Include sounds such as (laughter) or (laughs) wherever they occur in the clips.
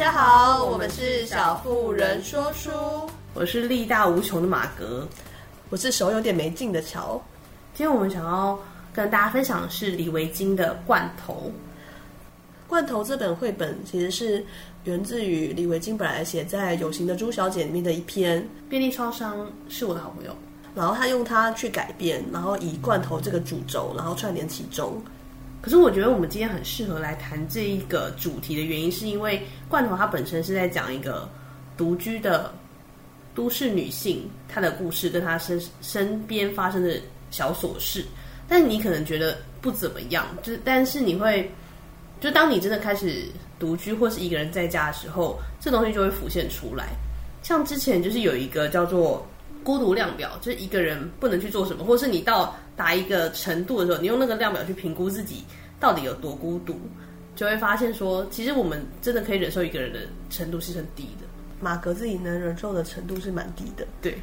大家好，我們是小婦人說書。我是力大無窮的馬格，我是手有點沒勁的喬。今天我們想要跟大家分享的是李維菁的《罐頭》。《罐頭》這本繪本其實是源自於李維菁本來寫在《有型的豬小姐》裡面的一篇《便利超商是我的好朋友》，然後他用它去改編，然後以罐頭這個主軸，然後串聯其中。可是我覺得我們今天很適合來談這一個主題的原因，是因為《罐頭》它本身是在講一個獨居的都市女性她的故事，跟她身身邊發生的小瑣事。但你可能覺得不怎麼樣，就但是你會，就當你真的開始獨居或是一個人在家的時候，這東西就會浮現出來。像之前就是有一個叫做孤獨量表，就是一個人不能去做什麼，或是你到。達一個程度的時候，你用那個量表去評估自己到底有多孤獨，就會發現說，其實我們真的可以忍受一個人的程度是很低的。馬格自己能忍受的程度是蠻低的，對。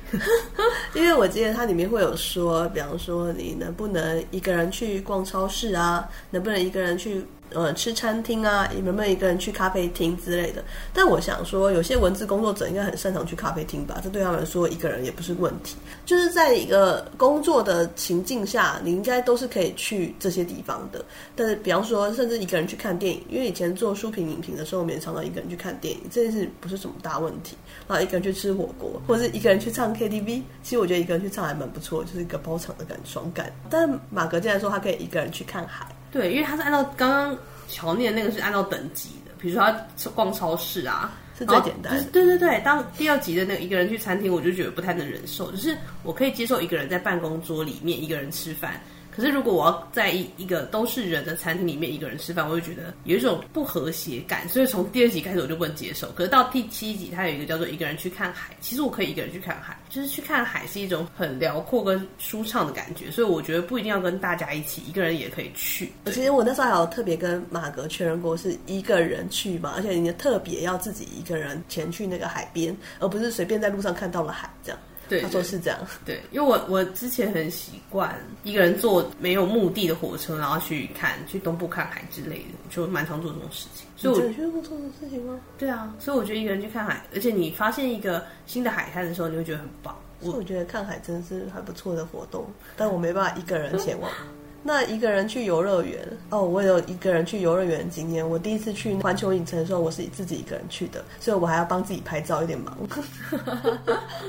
(laughs) 因為我記得它裡面會有說，比方說你能不能一個人去逛超市啊，能不能一個人去。.呃、嗯，吃餐廳啊，有沒有一個人去咖啡廳之類的？但我想說，有些文字工作者應該很擅長去咖啡廳吧？這對他們來說，一個人也不是問題。就是在一個工作的情境下，你應該都是可以去這些地方的。但是，比方說，甚至一個人去看電影，因為以前做書評、影評的時候，我也常，常常一個人去看電影，這件事不是什麼大問題。然後一個人去吃火鍋，或者是一個人去唱 KTV。其實我覺得一個人去唱還蠻不錯，就是一個包場的感覺，爽感。但馬格竟然說他可以一個人去看海。對，因為他是按照剛剛喬念那個，是按照等級的，比如說他逛超市啊，是最簡單的。對對對，當第二級的那個一個人去餐廳，我就覺得不太能忍受，就是我可以接受一個人在辦公桌裡面一個人吃飯。可是，如果我要在一一個都是人的餐廳裡面一個人吃飯，我就覺得有一種不和諧感，所以從第二集開始我就不能接受。可是到第七集，它有一個叫做一個人去看海，其實我可以一個人去看海，就是去看海是一種很遼闊跟舒暢的感覺，所以我覺得不一定要跟大家一起，一個人也可以去。其實我那時候還有特別跟馬格確認過是一個人去嘛，而且你特別要自己一個人前去那個海邊，而不是隨便在路上看到了海這樣。對，他說是這樣。對，因為我我之前很習慣一個人坐沒有目的的火車，然後去看去東部看海之類的，就蠻常做這種事情。所以我覺得。你有做這種事情嗎？對啊，所以我覺得一個人去看海，而且你發現一個新的海灘的時候，你會覺得很棒。我所以我覺得看海真的是還不錯的活動，但我沒辦法一個人前往。哦。那一個人去遊樂園哦，我有一個人去遊樂園的經驗。今天我第一次去環球影城的時候，我是自己一個人去的，所以我還要幫自己拍照，有點忙。 (laughs)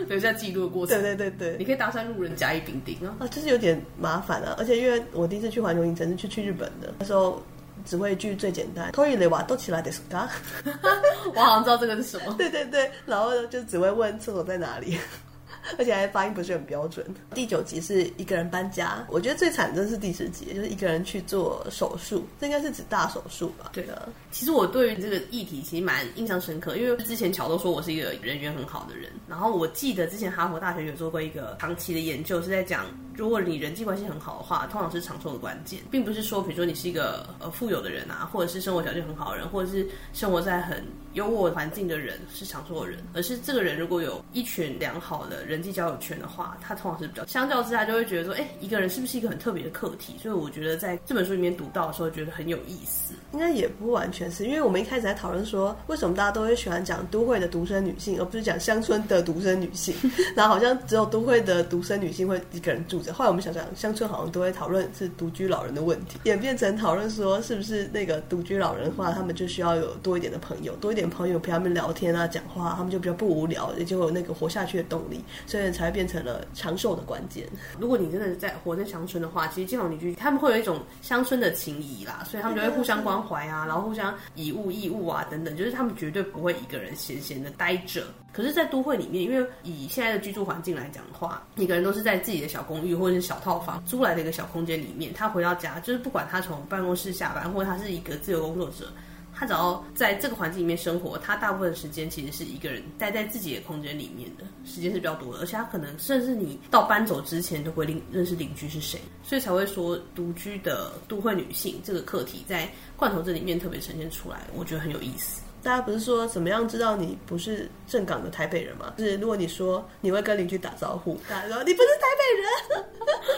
留下記錄的過程。對對對對，你可以搭上路人甲乙丙丁啊。啊、哦，就是有點麻煩了、啊。而且因為我第一次去環球影城是去去日本的，那時候只會句最簡單。 (laughs) 我好像知道這個是什麼。 (laughs) 對對對，然後呢就只會問廁所在哪裡。而且還發音不是很標準。第九集是一個人搬家，我覺得最慘的是第十集，就是一個人去做手術，這應該是指大手術吧？對的。其實我對於這個議題其實蠻印象深刻，因為之前喬都說我是一個人緣很好的人，然後我記得之前哈佛大學有做過一個長期的研究，是在講。如果你人際關係很好的話，通常是長壽的關鍵，並不是說比如說你是一個呃富有的人啊，或者是生活條件很好的人，或者是生活在很優渥環境的人是長壽的人，而是這個人如果有一群良好的人際交友圈的話，他通常是比較。相較之下，就會覺得說，哎、欸，一個人是不是一個很特別的課題？所以我覺得在這本書裡面讀到的時候，覺得很有意思。應該也不完全是因為我們一開始在討論說，為什麼大家都會喜歡講都會的獨生女性，而不是講鄉村的獨生女性， (laughs) 然後好像只有都會的獨生女性會一個人住。後來我們想想，鄉村好像都會討論是獨居老人的問題，演變成討論說，是不是那個獨居老人的話，他們就需要有多一點的朋友，多一點朋友陪他們聊天啊、講話、啊，他們就比較不無聊，也就會有那個活下去的動力，所以才變成了長壽的關鍵。如果你真的是在活在鄉村的話，其實街坊鄰居他們會有一種鄉村的情誼啦，所以他們就會互相關懷啊，嗯、然後互相以物易物啊等等，就是他們絕對不會一個人閒閒的待着。可是，在都會裡面，因為以現在的居住環境來講的話，每個人都是在自己的小公寓。或者是小套房租來的一個小空間裡面，他回到家就是不管他從辦公室下班，或者他是一個自由工作者，他只要在這個環境裡面生活，他大部分的時間其實是一個人待在自己的空間裡面的時間是比較多的，而且他可能甚至你到搬走之前都會認認識鄰居是誰，所以才會說，獨居的都會女性這個課題在罐頭這裡面特別呈現出來，我覺得很有意思。大家不是說怎麼樣知道你不是正港的台北人嗎？就是如果你說你會跟鄰居打招呼，大家說你不是台北人。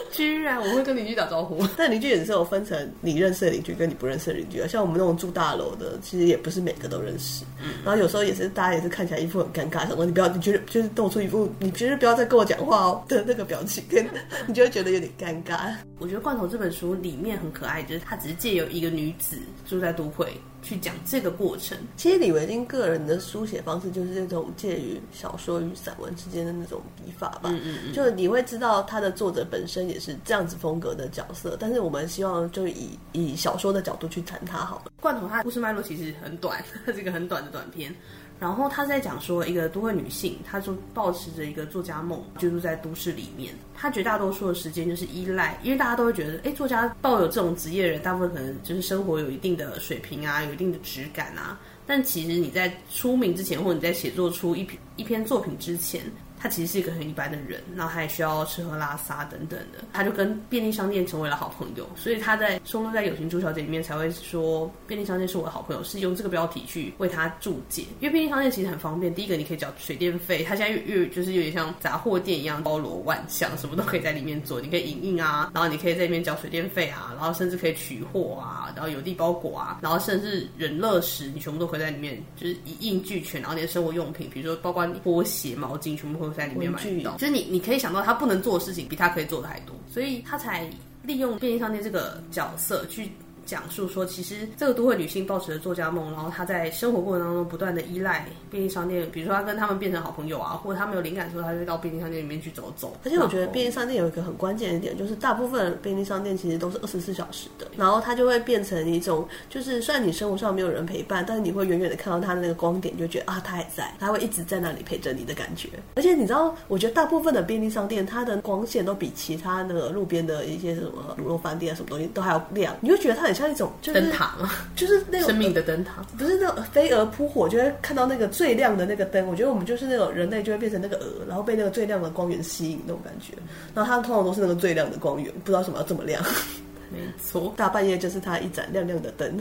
(laughs) 居然，我會跟鄰居打招呼，但鄰居也是有分成你認識的鄰居跟你不認識的鄰居啊。像我們那種住大樓的，其實也不是每個都認識。嗯，然後有時候也是，是大家也是看起來一副很尷尬什麼，你不要，你覺得就是動出一副你平時不要再跟我講話哦的那個表情，跟你就會覺得有點尷尬。我覺得《罐頭》這本書裡面很可愛，就是它只是借由一個女子住在都會去講這個過程。其實李維菁個人的書寫方式就是那種介於小說與散文之間的那種筆法吧。嗯嗯，嗯就是你會知道他的作者本身也。是這樣子風格的角色，但是我們希望就以以小說的角度去談它好了。罐頭它的故事脈絡其實很短，這個很短的短片。然後它在講說一個都會女性，她就抱持着一個作家夢，居、就、住、是、在都市裡面。她絕大多數的時間就是依賴，因為大家都會覺得，哎、欸，作家抱有這種職業人，大部分可能就是生活有一定的水平啊，有一定的質感啊。但其實你在出名之前，或者你在寫作出一篇一篇作品之前。他其實是一個很一般的人，然後他也需要吃喝拉撒等等的，他就跟便利商店成為了好朋友，所以他在收錄在《有型的豬小姐》裡面才會說便利商店是我的好朋友，是用這個標題去為他注解。因為便利商店其實很方便，第一個你可以繳水電費，他現在又又就是有點像雜貨店一樣，包羅萬象，什麼都可以在裡面做，你可以影印啊，然後你可以在裡面繳水電費啊，然後甚至可以取貨啊，然後郵遞包裹啊，然後甚至人樂時，你全部都可以在裡面，就是一應俱全。然後你的生活用品，比如說包括你拖鞋、毛巾，全部都。在裡面買運具就是你，你可以想到他不能做的事情比他可以做的還多，所以他才利用便利商店這個角色去。講述說，其實這個都會女性抱持着作家夢，然後她在生活過程當中不斷的依賴便利商店，比如說她跟他們變成好朋友啊，或者她們有靈感的時候，她就會到便利商店裡面去走走。而且我覺得便利商店有一個很關鍵一點，就是大部分的便利商店其實都是二十四小時的，然後它就會變成一種，就是雖然你生活上沒有人陪伴，但是你會遠遠的看到它的那個光點，就覺得啊，它還在，它會一直在那裡陪着你的感覺。而且你知道，我覺得大部分的便利商店，它的光線都比其他那個路邊的一些什麼滷肉飯店啊什麼東西都還要亮，你會覺得它很很像一種、就是、燈塔嗎，就是那種、呃、生命的燈塔，不是那種飛蛾撲火，就會看到那個最亮的那個燈。我覺得我們就是那種人類，就會變成那個蛾，然後被那個最亮的光源吸引那種感覺。然後它通常都是那個最亮的光源，不知道什麼要這麼亮。 (laughs) 沒錯，大半夜就是它一盞亮亮的燈，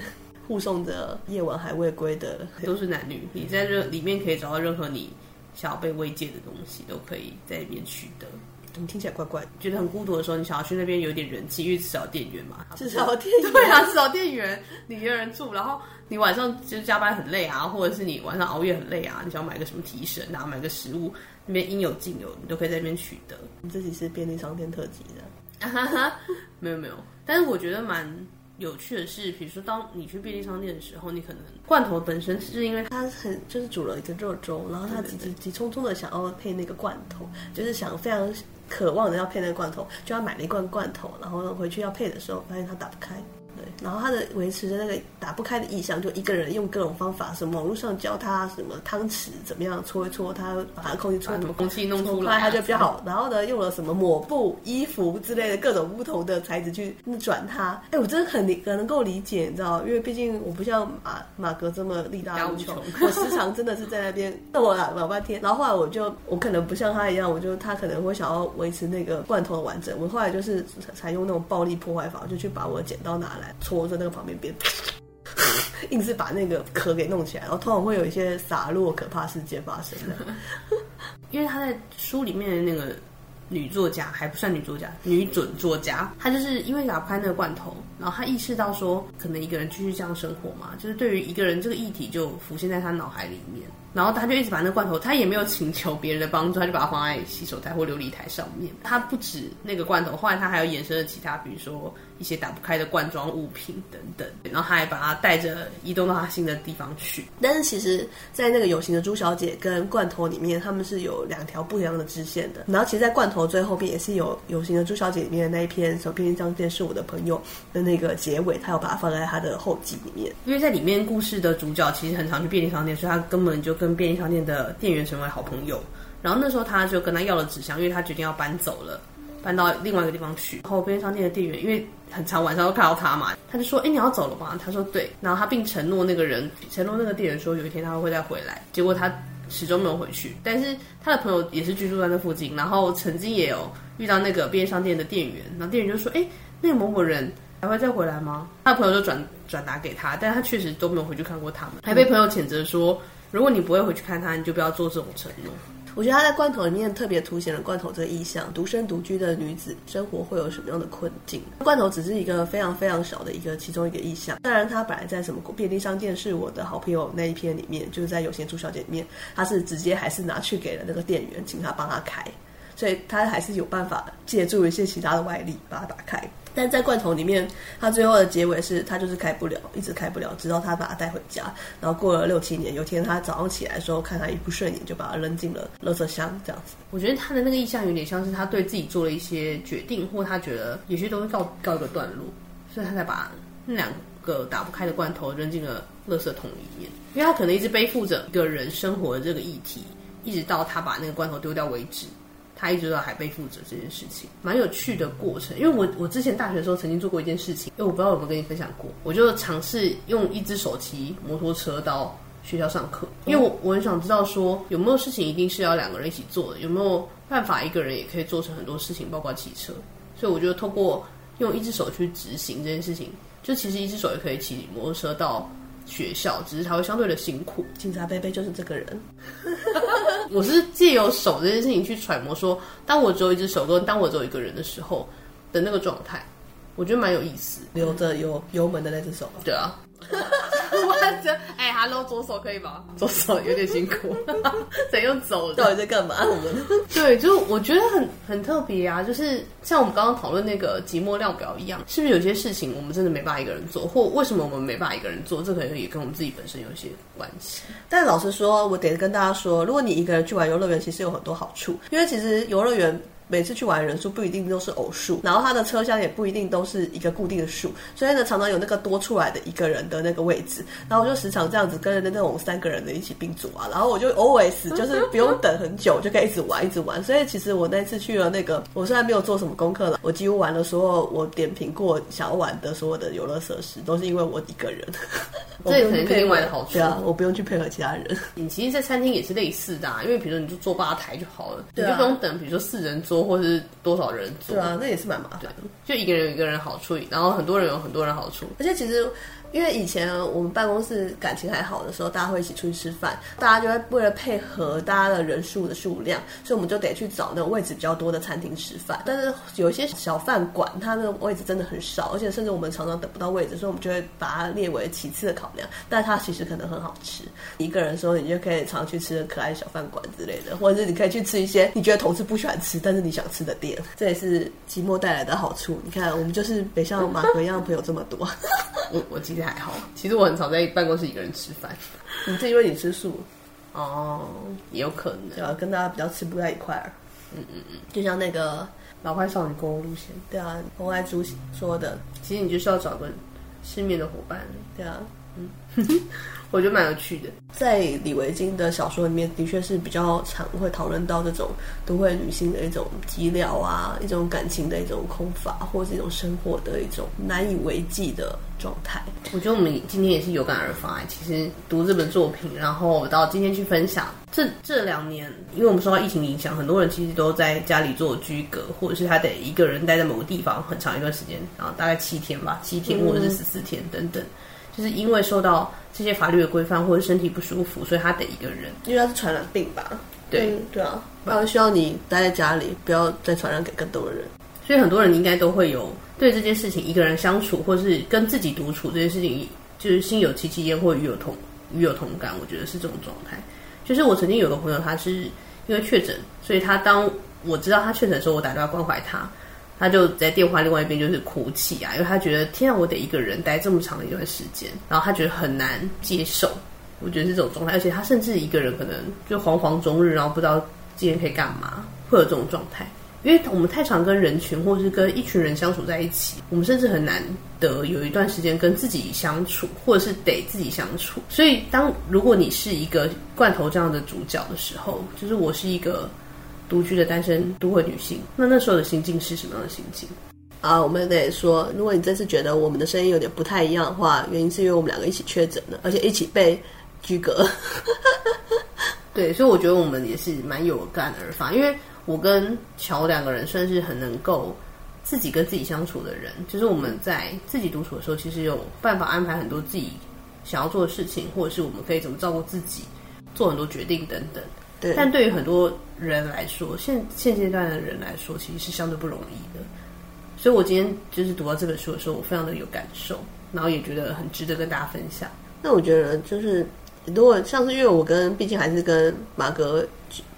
護送着夜晚還未歸的，都是男女。你在這裡面可以找到任何你想要被慰藉的東西，都可以在裡面取得。你聽起來怪怪的。覺得很孤獨的時候，你想要去那邊有點人氣，因為至少店員嘛，至少店員對啊，至少店員，你一個人住，然後你晚上就是加班很累啊，或者是你晚上熬夜很累啊，你想要買個什麼提神啊，買個食物，那邊應有盡有，你都可以在那邊取得。你自己是便利商店特級的，哈哈、 (laughs) uh，huh. 沒有沒有，但是我覺得蠻有趣的是，比如說當你去便利商店的時候，你可能罐頭本身是因為它很就是煮了一個熱粥，然後他急急急匆匆的想要配那個罐頭，就是想非常。渴望的要配那個罐頭，就他買了一罐罐頭，然後呢，回去要配的時候，發現它打不開。對，然後他的維持着那個打不開的意象，就一個人用各種方法，什麼網絡上教他，什麼湯匙怎麼樣搓一搓，他把他空氣搓、搓，空氣弄出來，他就比較好。啊，然後呢，用了什麼抹布、衣服之類的各種不同的材質去轉它。哎，我真的很很能夠理解，你知道？因為畢竟我不像馬馬哥這麼力大無窮，求我時常真的是在那邊逗 (laughs) 我老半天。然後後來我就我可能不像他一樣，我就他可能會想要維持那個罐頭的完整，我後來就是採用那種暴力破壞法，我就去把我剪刀拿來。戳在那個旁邊，邊，硬是把那個殼給弄起來，然後通常會有一些灑落可怕事件發生的。 (laughs) (laughs) 因為他在書裡面的那個女作家還不算女作家，女準作家，她就是因為打開那個罐頭，然後她意識到說，可能一個人繼續這樣生活嘛，就是對於一個人這個議題就浮現在她腦海裡面。然後他就一直把那罐頭，他也沒有請求別人的幫助，他就把它放在洗手台或琉璃台上面。他不止那個罐頭，後來他還有衍生的其他，比如說一些打不開的罐裝物品等等。然後他還把它帶着移動到他新的地方去。但是其實，在那個有型的豬小姐跟罐頭裡面，他們是有兩條不一樣的支線的。然後其實，在罐頭最後邊也是有有型的豬小姐裡面的那一篇手便利商店是我的朋友的那個結尾，他有把它放在他的後記裡面，因為在裡面故事的主角其實很常去便利商店，所以他根本就，跟便利商店的店員成為好朋友，然後那時候他就跟他要了紙箱，因為他決定要搬走了，搬到另外一個地方去。然後便利商店的店員因為很常晚上都看到他嘛，他就說：“哎、欸，你要走了嗎？”他說：“對。”然後他並承諾那個人，承諾那個店員說有一天他會再回來。結果他始終沒有回去，但是他的朋友也是居住在那附近，然後曾經也有遇到那個便利商店的店員，然後店員就說：“哎、欸，那個某某人還會再回來嗎？”他的朋友就轉轉達給他，但是他確實都沒有回去看過他們，還被朋友譴責說。如果你不會回去看他，你就不要做這種承諾。我覺得他在罐頭裡面特別凸顯了罐頭這個意象，獨身獨居的女子生活會有什麼樣的困境？罐頭只是一個非常非常小的一個其中一個意象。當然，他本來在什麼便利商店是我的好朋友那一篇裡面，就是在有型的豬小姐裡面，他是直接還是拿去給了那個店員，請他幫他開，所以他還是有辦法借助一些其他的外力把它打開。但在罐頭裡面，他最後的結尾是他就是開不了，一直開不了，直到他把它帶回家，然後過了六七年，有天他早上起來的時候，看他一不順眼，就把他扔進了垃圾箱，這樣子。我覺得他的那個意象有點像是他對自己做了一些決定，或他覺得也許都會告告一個段落，所以他才把那兩個打不開的罐頭扔進了垃圾桶裡面，因為他可能一直背負着一個人生活的這個議題，一直到他把那個罐頭丟掉為止。他一直都要海貝負責這件事情，蠻有趣的過程。因為我我之前大學的時候曾經做過一件事情，因為我不知道有沒有跟你分享過，我就嘗試用一隻手騎摩托車到學校上課。因為我我很想知道說有沒有事情一定是要兩個人一起做的，有沒有辦法一個人也可以做成很多事情，包括騎車。所以我就透過用一隻手去執行這件事情，就其實一隻手也可以騎摩托車到學校，只是他會相對的辛苦。警察伯伯就是這個人。 (laughs) 我是借由手這件事情去揣摩說，說當我只有一隻手，跟當我只有一個人的時候的那個狀態。我覺得蠻有意思，留着有油門的那隻手。對啊，我覺得哎，Hello，左手可以嗎？左手有點辛苦，怎 (laughs) 樣走的？到底在幹嘛？我 (laughs) 們對，就我覺得很很特別啊，就是像我們剛剛討論那個寂寞量表一樣，是不是有些事情我們真的沒辦法一個人做，或為什麼我們沒辦法一個人做？這可能也跟我們自己本身有些關係。但老實說，我得跟大家說，如果你一個人去玩遊樂園，其實有很多好處，因為其實遊樂園。每次去玩人數不一定都是偶數，然後他的車廂也不一定都是一個固定的數，所以呢，常常有那個多出來的一個人的那個位置，然後我就時常這樣子跟着那種三個人的一起併組啊，然後我就 always 就是不用等很久，就可以一直玩一直玩。所以其實我那次去了那個，我雖然沒有做什麼功課了，我幾乎玩的時候，我點評過想要玩的所有的遊樂設施，都是因為我一個人，這也可能是另外的好處啊，對啊，我不用去配合其他人。你其實，在餐廳也是類似的啊，因為比如說你就坐吧台就好了，對啊，你就不用等，比如說四人桌。或是多少人住？對啊，那也是蠻麻煩的。就一個人有一個人好處，然後很多人有很多人好處。而且其實，因為以前我們辦公室感情還好的時候，大家會一起出去吃飯，大家就會為了配合大家的人數的數量，所以我們就得去找那個位置比較多的餐廳吃飯。但是有一些小飯館，它那個位置真的很少，而且甚至我們常常等不到位置，所以我們就會把它列為其次的考量。但是它其實可能很好吃。一個人的時候，你就可以常去吃可愛的小飯館之類的，或者是你可以去吃一些你覺得同事不喜歡吃，但是你。想吃的店，這也是寂寞帶來的好處。你看，我們就是北上馬哥一樣，朋友這麼多。 (laughs) (laughs) 我我其實還好，其實我很少在辦公室一個人吃飯。你自因為你吃素哦，也有可能對吧、啊？跟大家比較吃不在一塊兒。嗯嗯嗯，就像那個老派少女購物路線，對啊，洪愛珠說的，其實你就是要找個失眠的夥伴，對啊，嗯。 (laughs) 我覺得蠻有趣的，在李維菁的小說裡面，的確是比較常會討論到這種都會女性的一種寂寥啊，一種感情的一種空乏，或是一種生活的一種難以為繼的狀態。我覺得我們今天也是有感而發、欸。其實讀這本作品，然後到今天去分享，這這兩年，因為我們受到疫情影響，很多人其實都在家裡做居隔，或者是他得一個人待在某個地方很長一段時間，然後大概七天吧，七天或者是十四天等等，嗯嗯就是因為受到。這些法律的規範，或者身體不舒服，所以他得一個人，因為他是傳染病吧？對、嗯，對啊，然後希望你待在家裡，不要再傳染給更多的人。所以很多人應該都會有對這件事情，一個人相處，或是跟自己獨處這件事情，就是心有戚戚焉或與有同與有同感。我覺得是這種狀態。就是我曾經有個朋友，他是因為確診，所以他當我知道他確診的時候，我打電話關懷他。他就在電話另外一邊就是哭泣啊，因為他覺得天啊，我得一個人待這麼長的一段時間，然後他覺得很難接受，我覺得是這種狀態，而且他甚至一個人可能就惶惶終日，然後不知道今天可以幹嘛，會有這種狀態，因為我們太常跟人群或是跟一群人相處在一起，我們甚至很難得有一段時間跟自己相處，或者是得自己相處，所以當如果你是一個罐頭這樣的主角的時候，就是我是一個。獨居的單身都會女性，那那時候的心境是什麼樣的心境？啊，我們得說，如果你真是覺得我們的聲音有點不太一樣的話，原因是因為我們兩個一起確診的，而且一起被居隔。 (laughs) 對，所以我覺得我們也是蠻有感而發，因為我跟喬兩個人算是很能夠自己跟自己相處的人，就是我們在自己獨處的時候，其實有辦法安排很多自己想要做的事情，或者是我們可以怎麼照顧自己，做很多決定等等。對，但對於很多。人來說，現現階段的人來說，其實是相對不容易的。所以我今天就是讀到這本書的時候，我非常的有感受，然後也覺得很值得跟大家分享。那我覺得就是，如果上次因為我跟，畢竟還是跟馬格。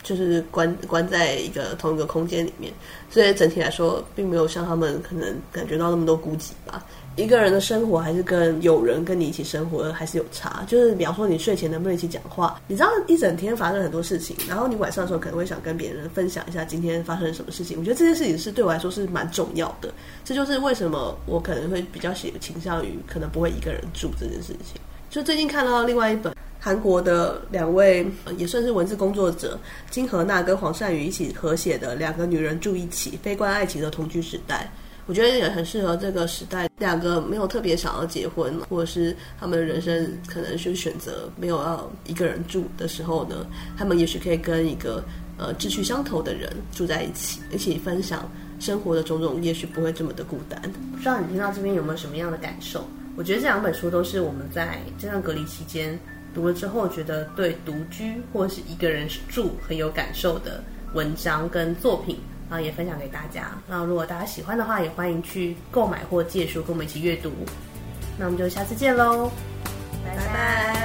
就是關關在一個同一個空間裡面，所以整體來說，並沒有像他們可能感覺到那麼多孤寂吧。一個人的生活還是跟有人跟你一起生活的還是有差。就是比方說，你睡前能不能一起講話？你知道一整天發生很多事情，然後你晚上的時候可能會想跟別人分享一下今天發生什麼事情。我覺得這件事情是對我來說是蠻重要的。這就是為什麼我可能會比較喜傾向於可能不會一個人住這件事情。就最近看到另外一本。韓國的兩位也算是文字工作者金荷娜跟黃善宇一起合寫的《兩個女人住一起：非關愛情的同居時代》，我覺得也很適合這個時代。兩個沒有特別想要結婚，或者是他們人生可能是選擇沒有要一個人住的時候呢，他們也許可以跟一個呃志趣相投的人住在一起，一起分享生活的種種，也許不會這麼的孤單。不知道你聽到這邊有沒有什麼樣的感受？我覺得這兩本書都是我們在這段隔離期間，讀了之後，覺得對獨居或者是一個人住很有感受的文章跟作品啊，然後也分享給大家。那如果大家喜歡的話，也歡迎去購買或借書跟我們一起閱讀。那我們就下次見嘍，拜拜。